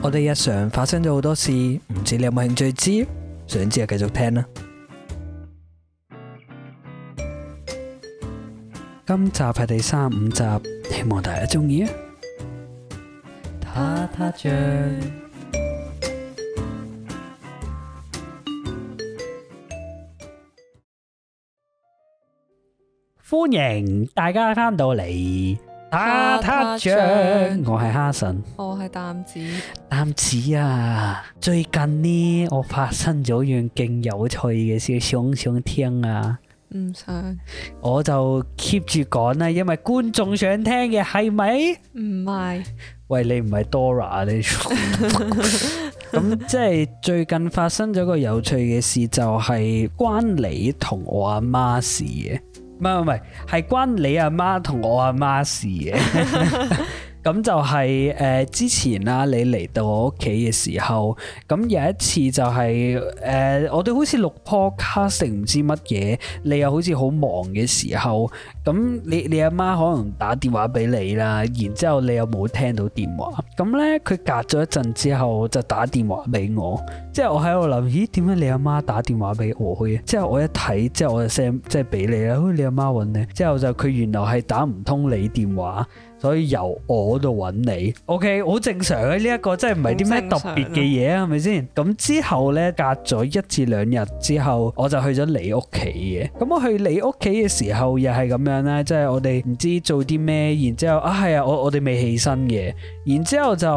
我哋日常發生咗好多事，唔知你有冇興趣知？想知就繼續聽啦。今集係第三五集，希望大家鍾意啊！他她醬歡迎大家翻到嚟。打特我係哈神，我係擔子，擔子啊！最近呢，我發生咗樣勁有趣嘅事，想唔想聽啊？唔想。我就 keep 住講啦，因為觀眾想聽嘅係咪？唔係，是喂，你唔係 Dora 你？咁 即係最近發生咗個有趣嘅事，就係、是、關你同我阿媽事嘅。唔係唔係，係關你阿媽同我阿媽事嘅。咁就係、是、誒、呃、之前啦，你嚟到我屋企嘅時候，咁有一次就係、是、誒、呃、我哋好似錄 podcast 定唔知乜嘢，你又好似好忙嘅時候，咁你你阿媽可能打電話俾你啦，然之後你又冇聽到電話，咁呢，佢隔咗一陣之後就打電話俾我，之後我喺度諗咦點解你阿媽打電話俾我去？之後我一睇之後我就 send 即係俾你啦，哦、哎、你阿媽揾你，之後就佢原來係打唔通你電話。所以由我度揾你，OK，好正常嘅呢一個，真係唔係啲咩特別嘅嘢啊，係咪先？咁之後呢，隔咗一至兩日之後，我就去咗你屋企嘅。咁我去你屋企嘅時候，又係咁樣呢，即係我哋唔知做啲咩，然之後啊係啊，我我哋未起身嘅，然之後就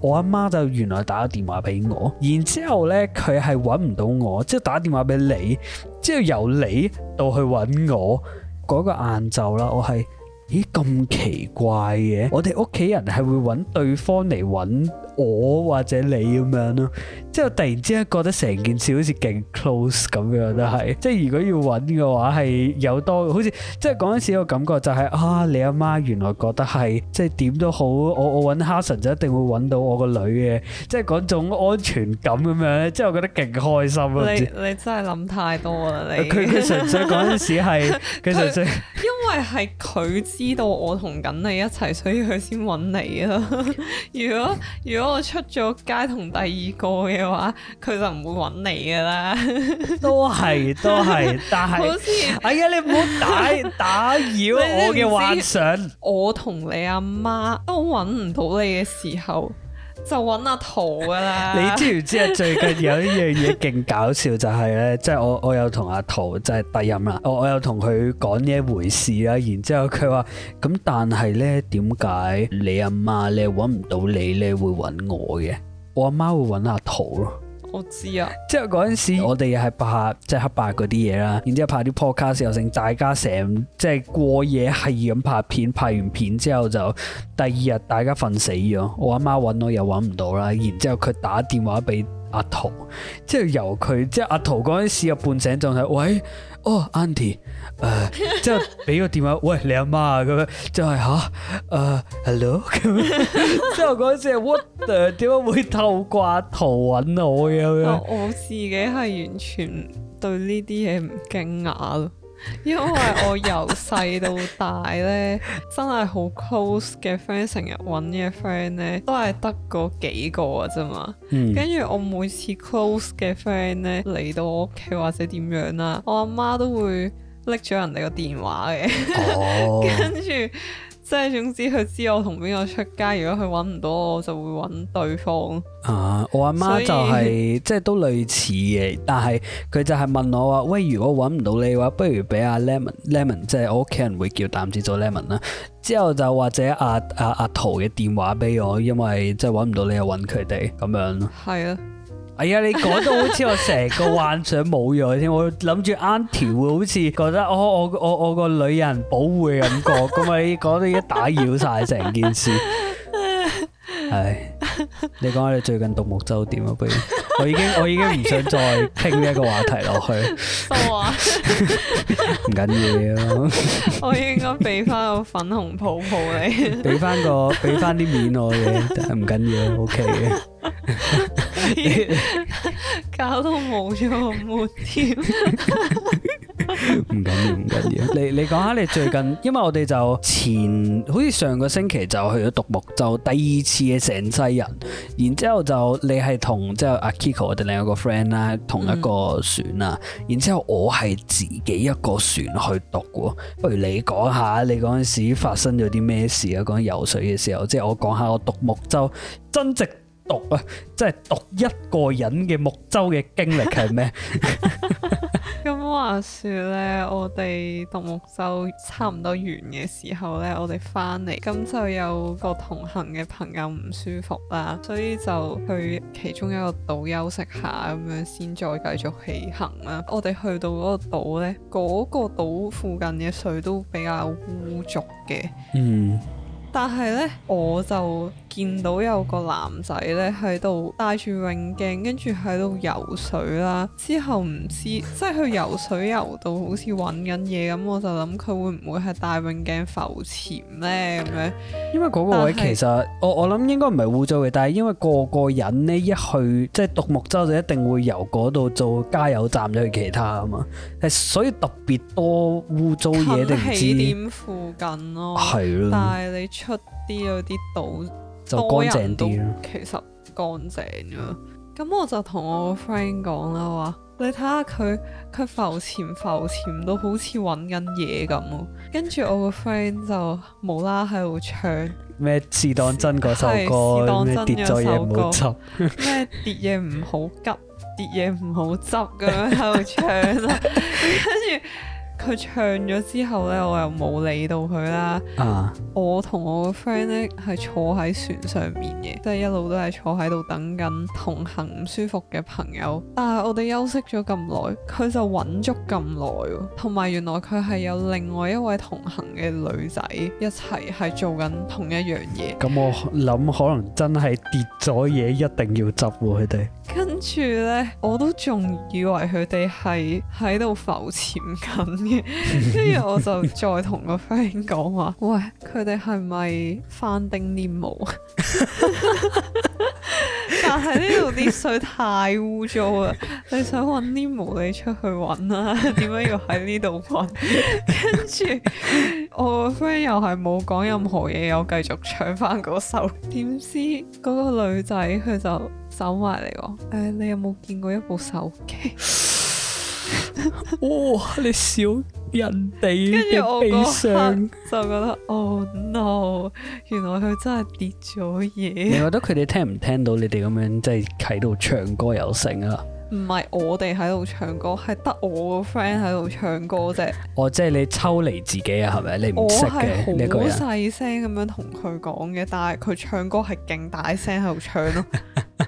我阿媽就原來打咗電話俾我，然之後呢佢係揾唔到我，即係打電話俾你，即係由你到去揾我嗰個晏晝啦，我係。咦咁奇怪嘅？我哋屋企人係會揾對方嚟揾我或者你咁樣咯，即係我突然之間覺得成件事好似勁 close 咁樣都係，即係如果要揾嘅話係有多好似，即係嗰陣時個感覺就係、是、啊你阿媽原來覺得係即係點都好，我我揾 Hanson 就一定會揾到我個女嘅，即係嗰種安全感咁樣，即係我覺得勁開心啊你知！你真係諗太多啦你純！佢佢純粹嗰陣時係佢純粹。因為係佢知道我同緊你一齊，所以佢先揾你咯。 如果如果我出咗街同第二個嘅話，佢就唔會揾你噶啦。 都係都係，但係 像哎呀，你唔好打打擾我嘅幻想。我同你阿媽都揾唔到你嘅時候。就揾阿桃噶啦！你知唔知啊？最近有一樣嘢勁搞笑，就係咧，即係我我有同阿桃即係低音啦，我我有同佢講呢一回事啊，然之後佢話：咁但係咧，點解你阿媽咧揾唔到你咧，會揾我嘅？我阿媽會揾阿桃咯。我知啊，即係嗰陣時我哋係拍即係、就是、黑白嗰啲嘢啦，然之後拍啲 podcast 又成，大家成即係過夜係咁拍片，拍完片之後就第二日大家瞓死咗，我阿媽揾我又揾唔到啦，然之後佢打電話俾阿桃，即係由佢即係阿桃嗰陣時嘅半醒狀態，喂。哦、oh，Auntie，之後俾個電話，喂，你阿媽咁樣，就係嚇，誒、啊呃、hello 咁 樣，之後嗰陣時，what the，點解會透掛圖揾我嘅咁樣？我自己係完全對呢啲嘢唔驚訝咯。 因為我由細到大咧，真係好 close 嘅 friend，成日揾嘅 friend 咧，都係得嗰幾個噶啫嘛。跟住、嗯、我每次 close 嘅 friend 咧嚟到我屋企或者點樣啦，我阿媽都會拎咗人哋個電話嘅，跟住、哦。 即係總之佢知我同邊個出街，如果佢搵唔到我，我就會搵對方。啊，我阿媽就係、是、以即係都類似嘅，但係佢就係問我話：喂，如果搵唔到你嘅話，不如俾阿 Lemon Lemon，即係我屋企人會叫淡子做 Lemon 啦。之後就或者啊啊阿濤嘅電話俾我，因為即係搵唔到你又搵佢哋咁樣。係啊。哎呀，你講到好似我成個幻想冇咗添，我諗住 Auntie 會好似覺得哦，我我我個女人保護嘅感覺，咁啊 你講到而家打擾晒成件事，係你講下你最近獨木舟點啊？不如我已經我已經唔想再傾一個話題落去。唔緊要，我應該俾翻個粉紅泡泡你，俾翻個俾翻啲面我嘅，唔緊要，OK 嘅。 你笑搞到冇咗個木添，唔緊要唔緊要。你你講下你最近，因為我哋就前好似上個星期就去咗獨木舟第二次嘅成世人，然之後就你係同即係阿 Kiko 我哋另一個 friend 啦同一個船啊，然之後我係自己一個船去獨嘅，不如你講下你嗰陣時發生咗啲咩事啊？嗰陣游水嘅時候，即係我講下我獨木舟真值。獨啊，即係獨一個人嘅木舟嘅經歷係咩？咁 話說呢，我哋獨木舟差唔多完嘅時候呢，我哋翻嚟，咁就有個同行嘅朋友唔舒服啦，所以就去其中一個島休息下，咁樣先再繼續起行啦。我哋去到嗰個島呢，嗰、嗰個島附近嘅水都比較污濁嘅。嗯，但係呢，我就。見到有個男仔呢，喺度戴住泳鏡，跟住喺度游水啦。之後唔知即係去游水游到好似揾緊嘢咁，我就諗佢會唔會係戴泳鏡浮潛呢？咁樣？因為嗰個位其實是我我諗應該唔係污糟嘅，但係因為個個人呢，一去即係獨木舟就一定會由嗰度做加油站去其他啊嘛。係所以特別多污糟嘢嘅起點附近咯，係啦的。但係你出啲有啲島。就乾淨啲，其實乾淨咗。咁、嗯、我就同我個 friend 講啦，話、嗯、你睇下佢佢浮潛浮潛都好似揾緊嘢咁。跟住我個 friend 就冇啦，喺度唱咩是，是當真嗰首歌，咩跌嘢唔好急，跌嘢唔好執咁樣，喺度唱啦。 跟住。佢唱咗之後呢，我又冇理到佢啦。啊、我同我個 friend 呢，係坐喺船上面嘅，即係一路都係坐喺度等緊同行唔舒服嘅朋友。但係我哋休息咗咁耐，佢就揾足咁耐喎。同埋原來佢係有另外一位同行嘅女仔一齊係做緊同一樣嘢。咁、嗯、我諗可能真係跌咗嘢，一定要執喎佢哋。跟住呢，我都仲以為佢哋係喺度浮潛緊。跟住 我就再同個 friend 講話：喂，佢哋係咪 Finding Nemo？但係呢度啲水太污糟啦，你想搵 Nemo 你出去搵啦。啊，點解要喺呢度搵？跟 住我個 friend 又係冇講任何嘢，又繼續唱翻嗰首。點知嗰個女仔佢就走埋嚟話：誒、呃，你有冇見過一部手機？哇、 哦！你笑人哋，跟住我嗰刻，就覺得哦、 oh、no，原來佢真係跌咗嘢。你覺得佢哋聽唔聽到你哋咁樣即係喺度唱歌有成啊？唔係我哋喺度唱歌，係得我個 friend 喺度唱歌啫。哦，即係你抽離自己啊，係咪？你唔識嘅，我係好細聲咁樣同佢講嘅， 但係佢唱歌係勁大聲喺度唱咯、啊。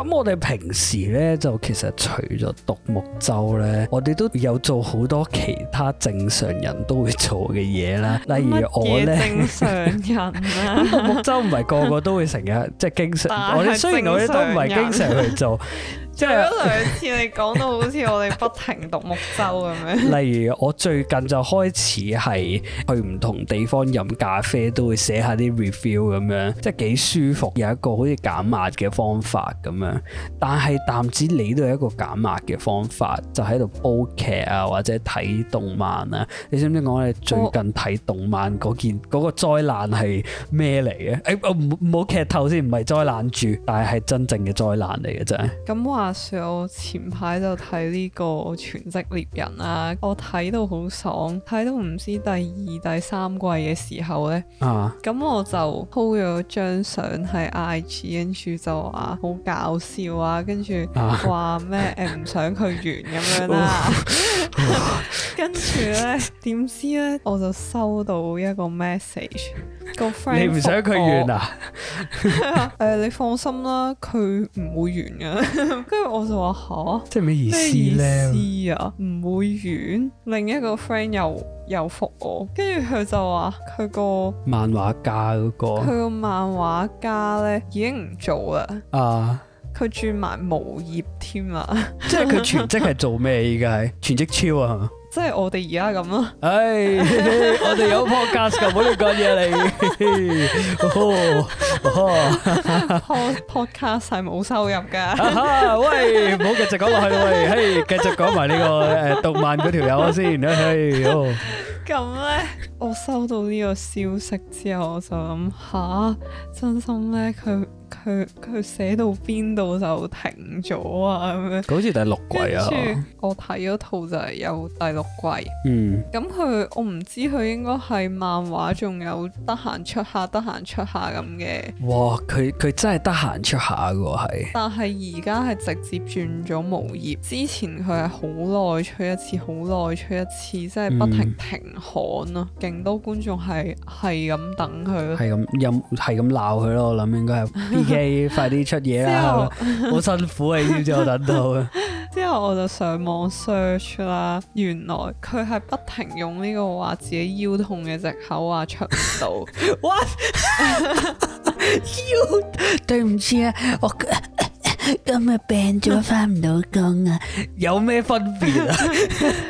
咁我哋平時咧就其實除咗獨木舟咧，我哋都有做好多其他正常人都會做嘅嘢啦。例如我咧，正常人啊，獨木舟唔係個個都會成日，即係經常， 常我哋雖然我哋都唔係經常去做。 即係兩次，你講到好似我哋不停獨木舟咁樣。 例如我最近就開始係去唔同地方飲咖啡，都會寫下啲 review 咁樣，即係幾舒服，有一個好似減壓嘅方法咁樣。但係單止你都有一個減壓嘅方法，就喺度煲劇啊，或者睇動漫啊。你知唔知講你最近睇動漫嗰件嗰我個災難係咩嚟嘅？誒、欸、冇劇透先，唔係災難住，但係係真正嘅災難嚟嘅啫。係。咁話。說我前排就睇呢個全職獵人啊，我睇到好爽，睇到唔知第二、第三季嘅時候呢，咁、uh huh. 我就 po 咗張相喺 IG，跟住就話好搞笑啊，跟住話咩唔想佢完咁樣啦、啊。Uh huh. 跟住呢，點知呢？我就收到一個 message， 個 friend 你唔想佢完啊？誒、 呃，你放心啦，佢唔會完嘅。跟 住我就話吓，即係咩意思呢？意思啊，唔會完。另一個 friend 又又覆我，跟住佢就話佢個漫畫家、嗰個，佢個漫畫家呢已經唔做啦。啊！佢轉埋無業添啊！ 即係佢全職係做咩依家？全職超啊！即係我哋而家咁咯。唉、哎， 我哋有 Pod cast, podcast，唔好亂講嘢嚟。podcast 係冇收入㗎、 啊。喂，唔好繼續講落去啦，喂，繼續講埋呢個誒、呃、讀漫嗰條友先。咁咧 哎 oh，我收到呢個消息之後，我就諗吓，真心咧佢。佢佢寫到邊度就停咗啊！咁樣好似第六季啊，我睇嗰套就係有第六季。嗯，咁佢我唔知佢應該係漫畫，仲有得閒出下，得閒出下咁嘅。哇！佢佢真係得閒出下喎，係。但係而家係直接轉咗無業，之前佢係好耐出一次，好耐出一次，即係不停停刊啦，勁、嗯、多觀眾係係咁等佢，係咁任係咁鬧佢咯。我諗應該係。 快啲出嘢啦！好辛苦啊，要咗我等到。之後我就上網 search 啦，原來佢係不停用呢個話自己腰痛嘅藉口話出唔到。哇！腰對唔住啊，我今日病咗返唔到工啊，有咩分別啊？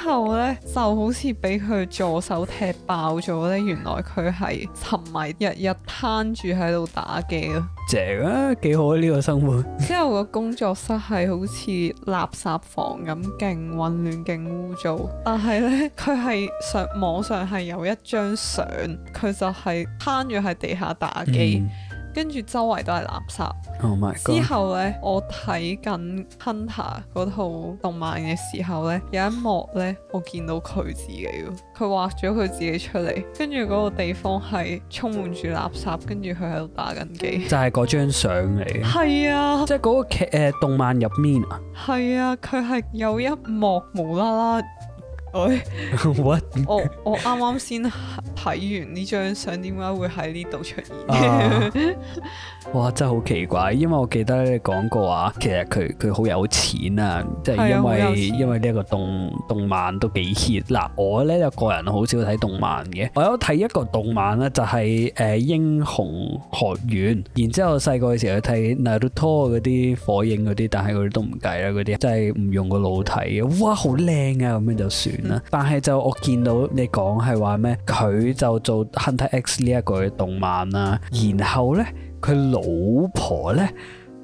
之後咧就好似俾佢助手踢爆咗咧，原來佢係沉迷日日攤住喺度打機咯，正啊，幾好啊，呢個生活。 之後個工作室係好似垃圾房咁，勁混亂，勁污糟。但係咧，佢係上網上係有一張相，佢就係攤住喺地下打機。嗯跟住周圍都係垃圾。Oh my God. 之後呢，我睇緊 Hunter 嗰套動漫嘅時候呢，有一幕呢，我見到佢自己，佢畫咗佢自己出嚟。跟住嗰個地方係充滿住垃圾，跟住佢喺度打緊機。就係嗰張相嚟。係啊，即係嗰個劇、呃、動漫入面啊。係啊，佢係有一幕無啦啦、哎 What?，我我我啱啱先。睇完呢張相，點解會喺呢度出現？啊。哇！真係好奇怪，因為我記得你講過話，其實佢佢好有錢啊，即係因為因為呢一個動動漫都幾 hit。嗱，我咧就個人好少睇動漫嘅，我有睇一個動漫咧，就係誒英雄學院。然之後細個嘅時候睇 Naruto 嗰啲火影嗰啲，但係佢啲都唔計啦，嗰啲真係唔用個腦睇嘅。哇，好靚啊！咁樣就算啦。嗯。但係就我見到你講係話咩佢。佢就做 Hunter X 呢一個嘅動漫啦，然後咧，佢老婆咧。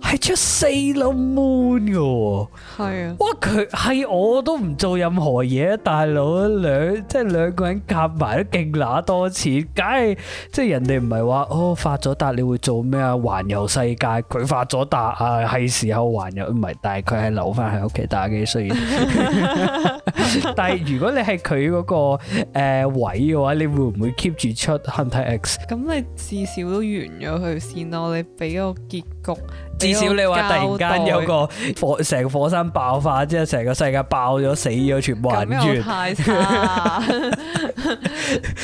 係出四粒 moon 噶，係是啊哇！哇佢係我都唔做任何嘢、啊，大佬兩即係兩個人夾埋都勁揦多錢，梗係即係人哋唔係話哦，發咗達你會做咩啊？環遊世界佢發咗達啊，係時候環遊唔係，但係佢係留翻喺屋企打機雖然， 但係如果你係佢嗰個誒、呃、位嘅話，你會唔會 keep 住出 Hunter x？咁你至少都完咗佢先咯，你俾個結局。至少你話突然間有個火成火山爆發，之後成個世界爆咗死咗，全部玩完。咁又太慘。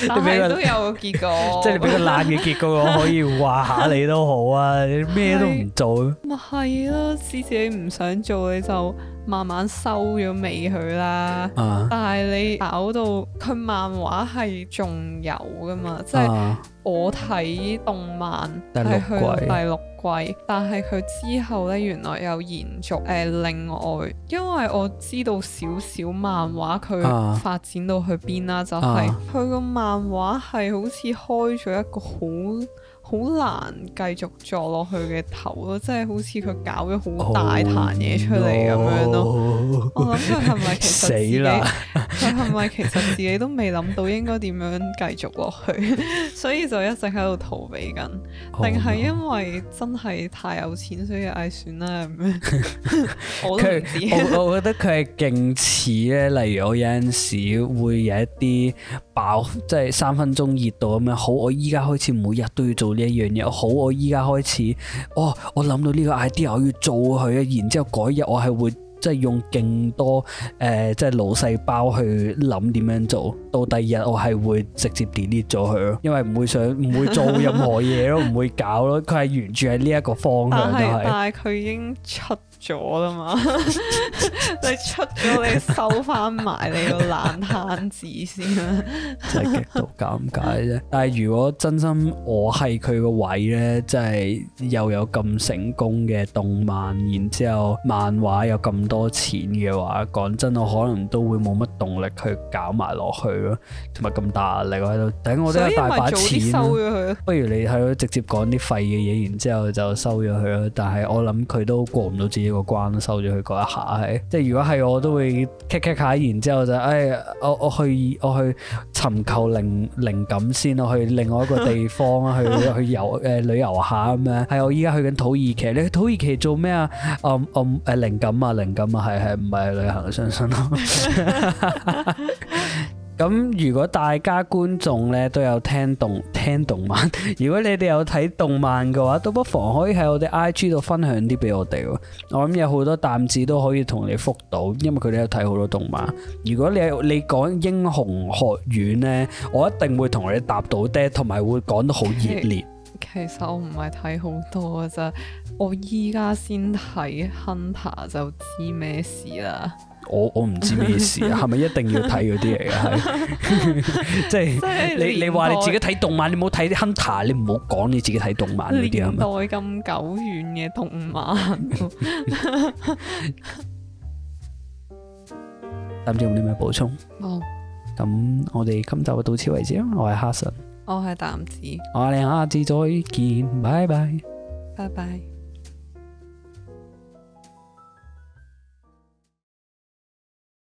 但係都有個結果，即係你俾個爛嘅結果，我可以話下你都好啊，你咩 都唔做。咪係咯，自己唔想做你就。慢慢收咗尾佢啦，啊、但係你搞到佢漫畫係仲有噶嘛？啊、即係我睇動漫係去、啊、第六季，啊、但係佢之後咧原來有延續誒、呃。另外，因為我知道少少漫畫佢發展到去邊啦，啊、就係佢個漫畫係好似開咗一個好。好難繼續坐落去嘅頭咯，即係好似佢搞咗好大壇嘢出嚟咁樣咯。噢我諗佢係咪其實自己？佢係咪其實自己都未諗到應該點樣繼續落去？ 所以就一直喺度逃避緊，定係因為真係太有錢，所以唉算啦咁樣。我我覺得佢係勁似咧，例如我有陣時會有一啲爆，即係三分鐘熱度咁樣。好，我依家開始每日都要做。嘢樣嘢好，我依家開始，哦，我諗到呢個 idea，我要做佢啊！然之後嗰日我係會即係用勁多誒，即係腦細胞去諗點樣做，到第二日我係會直接 delete 咗佢咯，因為唔會想唔會做任何嘢咯，唔 會搞咯，佢係沿住喺呢一個方向都係但係佢已經出。咗啦嘛，你出咗你收翻埋你個爛攤子先啦，真係極度尷尬啫。但係如果真心我係佢個位咧，真係又有咁成功嘅動漫，然之後漫畫有咁多錢嘅話，講真我可能都會冇乜動力去搞埋落去咯，同埋咁大壓力喺度，頂我都係大把錢，收咗佢咯，不如你喺度直接講啲廢嘅嘢，然之後就收咗佢咯。但係我諗佢都過唔到自己，個關收咗佢嗰一下，係即係如果係我都會咔咔 c 下，然之後就哎，我我去我去尋求靈靈感先咯，去另外一個地方 去去遊誒、呃、旅遊下咁樣。係我依家去緊土耳其，你去土耳其做咩啊？暗暗誒靈感啊，靈感啊，係係唔係旅行？相信咯。 咁如果大家觀眾咧都有聽動聽動漫，如果你哋有睇動漫嘅話，都不妨可以喺我哋 IG 度分享啲俾我哋喎。我諗有好多擔躉都可以同你覆到，因為佢哋有睇好多動漫。如果你你講英雄學院呢，我一定會同你搭到的，同埋會講得好熱烈。其實，其實我唔係睇好多嘅咋，我依家先睇 Hunter 就知咩事啦。我我唔知咩事，係咪一定要睇嗰啲嚟？係即係你你話你自己睇動漫，你冇睇啲 hunter，你唔好講你自己睇動漫呢啲啊嘛！年代咁久遠嘅動漫，男仔有冇啲咩補充？哦，咁我哋今集到此為止，我係哈神，我係男子，我哋下次再見，拜拜，拜拜。